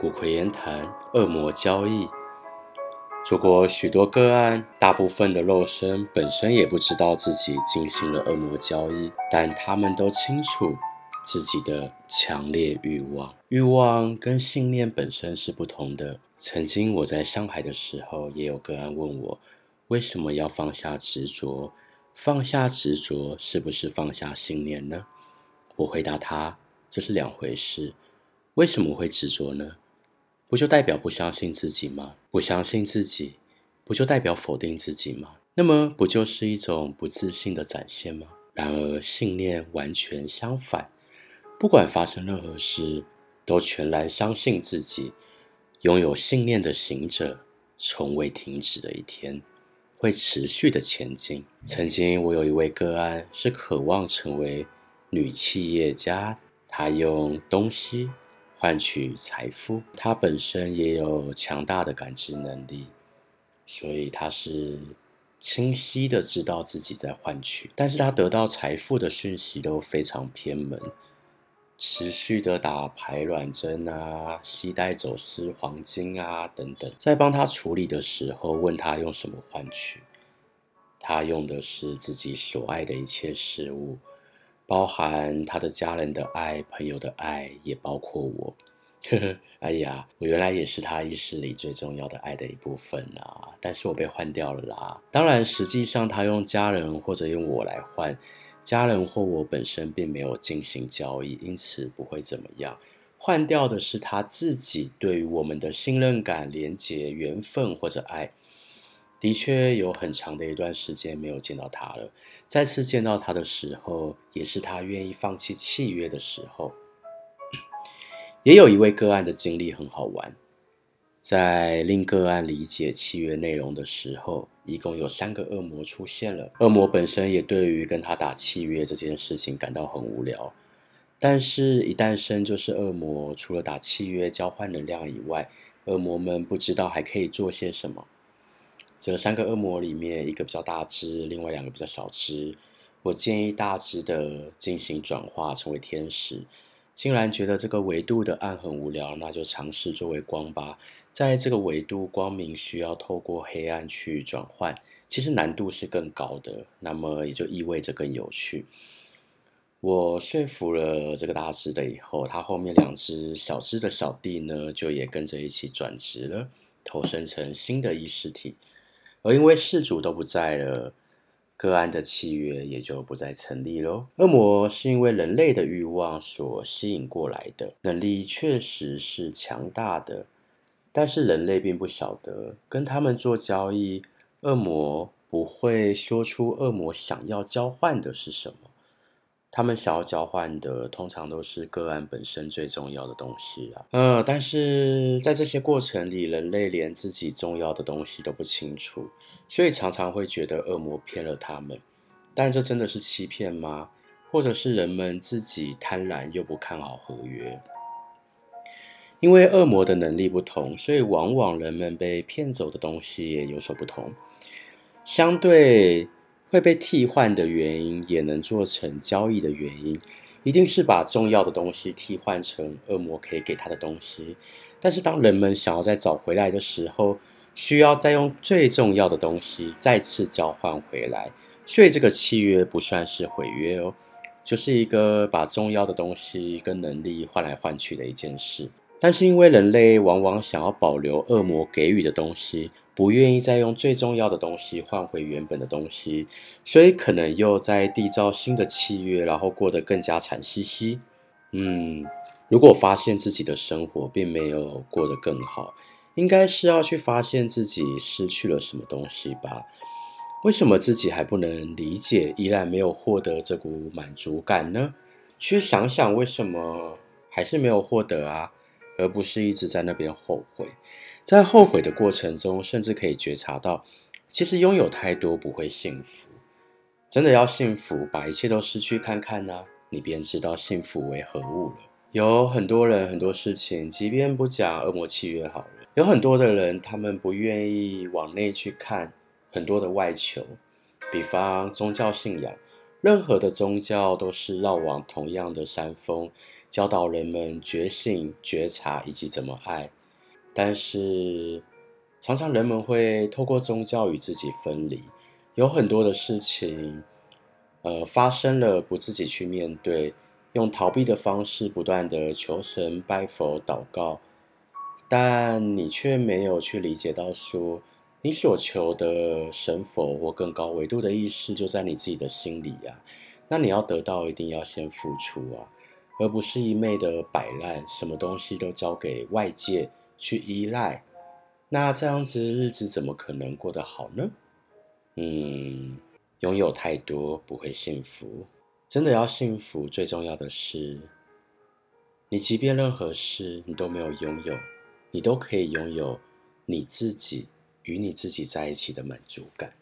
骨灰言談，惡魔交易。做過許多個案，大部分的肉身本身也不知道自己進行了惡魔交易，但他們都清楚自己的強烈慾望。慾望跟信念本身是不同的。曾經我在上海的時候，也有個案問我，為什麼要放下執着？放下執着是不是放下信念呢？我回答他，這是兩回事。為什麼會執着呢？不就代表不相信自己嗎？不相信自己，不就代表否定自己嗎？那麼，不就是一種不自信的展現嗎？然而，信念完全相反，不管發生任何事，都全然相信自己。擁有信念的行者，從未停止的一天，會持續的前進。曾經，我有一位個案，是渴望成為女企業家，她用東西，換取財富，他本身也有強大的感知能力，所以他是清晰的知道自己在換取。但是他得到財富的訊息都非常偏門，持續的打排卵針啊、攜帶走私黃金啊等等。在幫他處理的時候，問他用什麼換取，他用的是自己所愛的一切事物。包含他的家人的愛、朋友的愛，也包括我。 哎呀，我原來也是他意識裡最重要的愛的一部分啊，但是我被換掉了啦。當然，實際上他用家人或者用我來換，家人或我本身並沒有進行交易，因此不會怎麼樣。換掉的是他自己對於我們的信任感、連接、緣分或者愛。的確有很長的一段時間沒有見到他了。再次見到他的時候，也是他願意放棄契約的時候。也有一位個案的經歷很好玩，在令個案理解契約內容的時候，一共有三個惡魔出現了。惡魔本身也對於跟他打契約這件事情感到很無聊，但是，一誕生就是惡魔，除了打契約交換能量以外，惡魔們不知道還可以做些什麼。這三個惡魔裡面，一個比較大只，另外兩個比較小只。我建議大只的進行轉化成為天使。既然覺得這個維度的暗很無聊，那就嘗試作為光吧。在這個維度，光明需要透過黑暗去轉換，其實難度是更高的，那麼也就意味着更有趣。我說服了這個大只的以後，他後面兩只小只的小弟呢，就也跟着一起轉職了，投身成新的意識體。而因為事主都不在了，個案的契約也就不再成立咯，惡魔是因為人類的欲望所吸引過來的，能力確實是強大的，但是人類並不曉得跟他們做交易，惡魔不會說出惡魔想要交換的是什麼。他們想要交換的，通常都是個案本身最重要的東西啊。嗯，但是在這些過程裡，人類連自己重要的東西都不清楚，所以常常會覺得惡魔騙了他們。但這真的是欺騙嗎？或者是人們自己貪婪又不看好合約？因為惡魔的能力不同，所以往往人們被騙走的東西也有所不同。相對。會被替換的原因，也能做成交易的原因，一定是把重要的東西替換成惡魔可以給他的東西。但是當人們想要再找回來的時候，需要再用最重要的東西再次交換回來，所以這個契約不算是毀約哦，就是一個把重要的東西跟能力換來換去的一件事。但是因為人類往往想要保留惡魔給予的東西。不願意再用最重要的東西換回原本的東西，所以可能又在締造新的契約，然後過得更加慘兮兮。嗯，如果發現自己的生活並沒有過得更好，應該是要去發現自己失去了什麼東西吧？為什麼自己還不能理解，依然沒有獲得這股滿足感呢？去想想為什麼還是沒有獲得啊，而不是一直在那邊後悔。在後悔的過程中，甚至可以覺察到，其實擁有太多不會幸福。真的要幸福，把一切都失去看看呢、啊，你便知道幸福為何物了。有很多人很多事情，即便不講惡魔契約好了，有很多的人他們不願意往內去看，很多的外求。比方宗教信仰，任何的宗教都是繞往同樣的山峰，教導人們覺醒、覺察以及怎麼愛。但是，常常人們會透過宗教與自己分離，有很多的事情，呃，發生了不自己去面對，用逃避的方式不斷地求神拜佛禱告，但你卻沒有去理解到說，說你所求的神佛或更高維度的意識就在你自己的心裡呀、啊。那你要得到，一定要先付出啊，而不是一味的擺爛，什麼東西都交給外界，去依賴，那這樣子的日子怎麼可能過得好呢？嗯，擁有太多不會幸福，真的要幸福，最重要的是，你即便任何事你都沒有擁有，你都可以擁有你自己與你自己在一起的滿足感。